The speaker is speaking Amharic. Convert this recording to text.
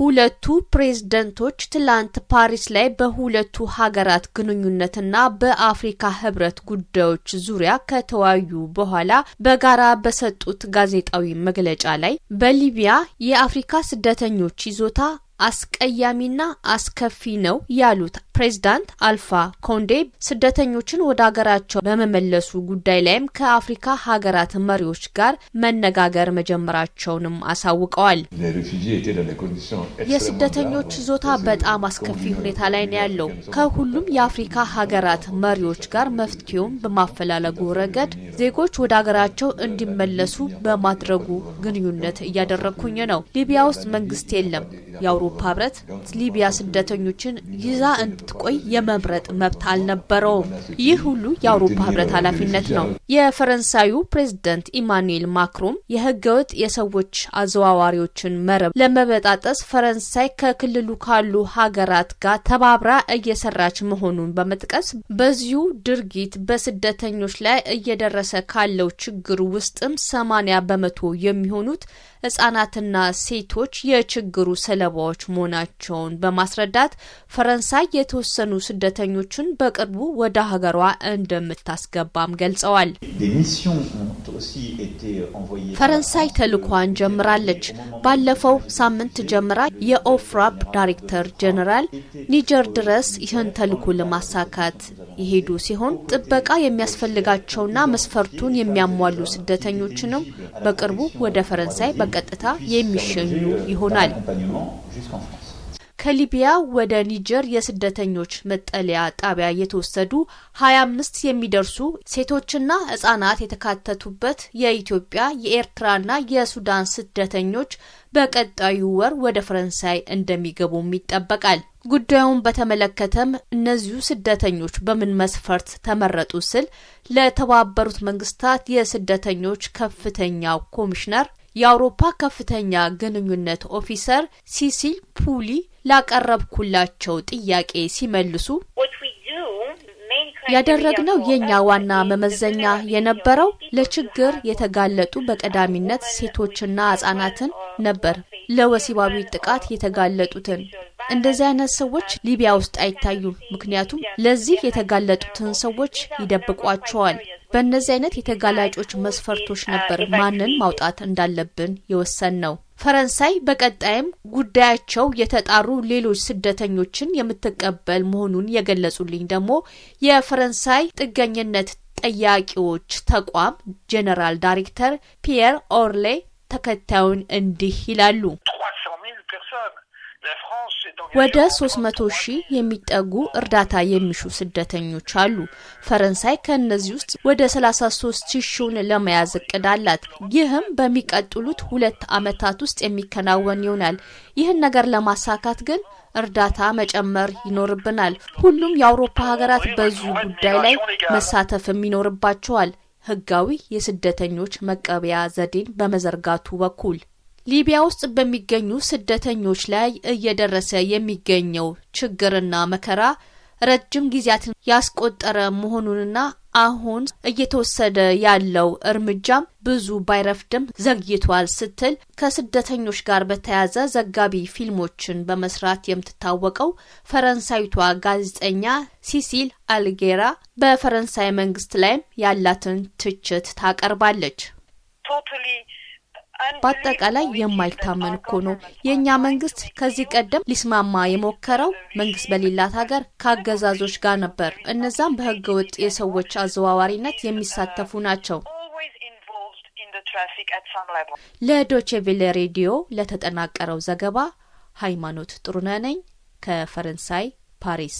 ሁለቱ ፕሬዝደንቶች ትላንት ፓሪስ ላይ በሁለቱ ሀገራት ግንኙነትና በአፍሪካ ህብረት ጉዳዮች ዙሪያ ከተወያዩ በኋላ በጋራ በሰጡት ጋዜጣዊ መግለጫ ላይ በሊቢያ የአፍሪካ ስደተኞች ይዞታ አስቀያሚና አስከፊ ነው ያሉት ፕሬዝዳንት አልፋ ኮንዴ ስደተኞችን ወደ ሀገራቸው በመመለሱ ጉዳይ ላይም ከአፍሪካ ሀገራት መሪዎች ጋር መነጋገር መጀመራቸውንም አሳውቀዋል። የስደተኞች ይዞታ በጣም አስከፊ ሁኔታ ላይ ነው ያለው። ከሁሉም የአፍሪካ ሀገራት መሪዎች ጋር መፍትሄውን በማፈላለጉ ረገድ ዜጎች ወደ ሀገራቸው እንዲመለሱ በማድረጉ ግንኙነት እያደረግኩኝ ነው። ሊቢያ ውስጥ መንግስት የለም። የአውሮፓ ህብረት ሊቢያ ስደተኞችን ይዛ እንድትቆይ የመምረጥ መብት አልነበረውም። ይህ ሁሉ የአውሮፓ ህብረት ኃላፊነት ነው። የፈረንሳዩ ፕሬዝደንት ኢማኑኤል ማክሮን የህገወጥ የሰዎች አዘዋዋሪዎችን መረብ ለመበጣጠስ ፈረንሳይ ከክልሉ ካሉ ሀገራት ጋር ተባብራ እየሰራች መሆኑን በመጥቀስ በዚሁ ድርጊት በስደተኞች ላይ እየደረሰ ካለው ችግር ውስጥም ሰማኒያ በመቶ የሚሆኑት ህጻናትና ሴቶች የችግሩ ሰለባዎች ስደተኞች መሆናቸውን በማስረዳት ፈረንሳይ የተወሰኑ ስደተኞችን በቅርቡ ወደ ሀገሯ እንደምታስገባም ገልጸዋል። ፈረንሳይ ተልኳን ጀምራለች። ባለፈው ሳምንት ጀምራ የኦፍራፕ ዳይሬክተር ጀነራል ኒጀር ድረስ ይህን ተልኮ ለማሳካት የሄዱ ሲሆን ጥበቃ የሚያስፈልጋቸውና መስፈርቱን የሚያሟሉ ስደተኞችንም በቅርቡ ወደ ፈረንሳይ በቀጥታ የሚሸኙ ይሆናል። ከሊቢያ ወደ ኒጀር የስደተኞች መጠለያ ጣቢያ የተወሰዱ ሀያ አምስት የሚደርሱ ሴቶችና ህጻናት የተካተቱበት የኢትዮጵያ የኤርትራና የሱዳን ስደተኞች በቀጣዩ ወር ወደ ፈረንሳይ እንደሚገቡም ይጠበቃል። ጉዳዩን በተመለከተም እነዚሁ ስደተኞች በምን መስፈርት ተመረጡ ስል ለተባበሩት መንግስታት የስደተኞች ከፍተኛው ኮሚሽነር የአውሮፓ ከፍተኛ ግንኙነት ኦፊሰር ሲሲል ፑሊ ላቀረብኩላቸው ጥያቄ ሲመልሱ ያደረግነው የእኛ ዋና መመዘኛ የነበረው ለችግር የተጋለጡ በቀዳሚነት ሴቶችና ህጻናትን ነበር። ለወሲባዊ ጥቃት የተጋለጡትን እንደዚህ አይነት ሰዎች ሊቢያ ውስጥ አይታዩም። ምክንያቱም ለዚህ የተጋለጡትን ሰዎች ይደብቋቸዋል። በእነዚህ አይነት የተጋላጮች መስፈርቶች ነበር ማንን ማውጣት እንዳለብን የወሰን ነው። ፈረንሳይ በቀጣይም ጉዳያቸው የተጣሩ ሌሎች ስደተኞችን የምትቀበል መሆኑን የገለጹልኝ ደግሞ የፈረንሳይ ጥገኝነት ጠያቂዎች ተቋም ጄኔራል ዳይሬክተር ፒየር ኦርሌ ተከታዩን እንዲህ ይላሉ። ወደ 300 ሺህ የሚጠጉ እርዳታ የሚሹ ስደተኞች አሉ። ፈረንሳይ ከእነዚህ ውስጥ ወደ 33 ሺውን ለመያዝ እቅድ አላት። ይህም በሚቀጥሉት ሁለት ዓመታት ውስጥ የሚከናወን ይሆናል። ይህን ነገር ለማሳካት ግን እርዳታ መጨመር ይኖርብናል። ሁሉም የአውሮፓ ሀገራት በዙ ጉዳይ ላይ መሳተፍም ይኖርባቸዋል ህጋዊ የስደተኞች መቀበያ ዘዴን በመዘርጋቱ በኩል ሊቢያ ውስጥ በሚገኙ ስደተኞች ላይ እየደረሰ የሚገኘው ችግርና መከራ ረጅም ጊዜያትን ያስቆጠረ መሆኑንና አሁን እየተወሰደ ያለው እርምጃም ብዙ ባይረፍድም ዘግይቷል ስትል ከስደተኞች ጋር በተያያዘ ዘጋቢ ፊልሞችን በመስራት የምትታወቀው ፈረንሳዊቷ ጋዜጠኛ ሲሲል አልጌራ በፈረንሳይ መንግስት ላይም ያላትን ትችት ታቀርባለች። በአጠቃላይ የማይታመን እኮ ነው። የእኛ መንግስት ከዚህ ቀደም ሊስማማ የሞከረው መንግስት በሌላት ሀገር ከአገዛዞች ጋር ነበር። እነዛም በህገ ወጥ የሰዎች አዘዋዋሪነት የሚሳተፉ ናቸው። ለዶቼ ቬለ ሬዲዮ ለተጠናቀረው ዘገባ ሃይማኖት ጥሩነህ ነኝ ከፈረንሳይ ፓሪስ።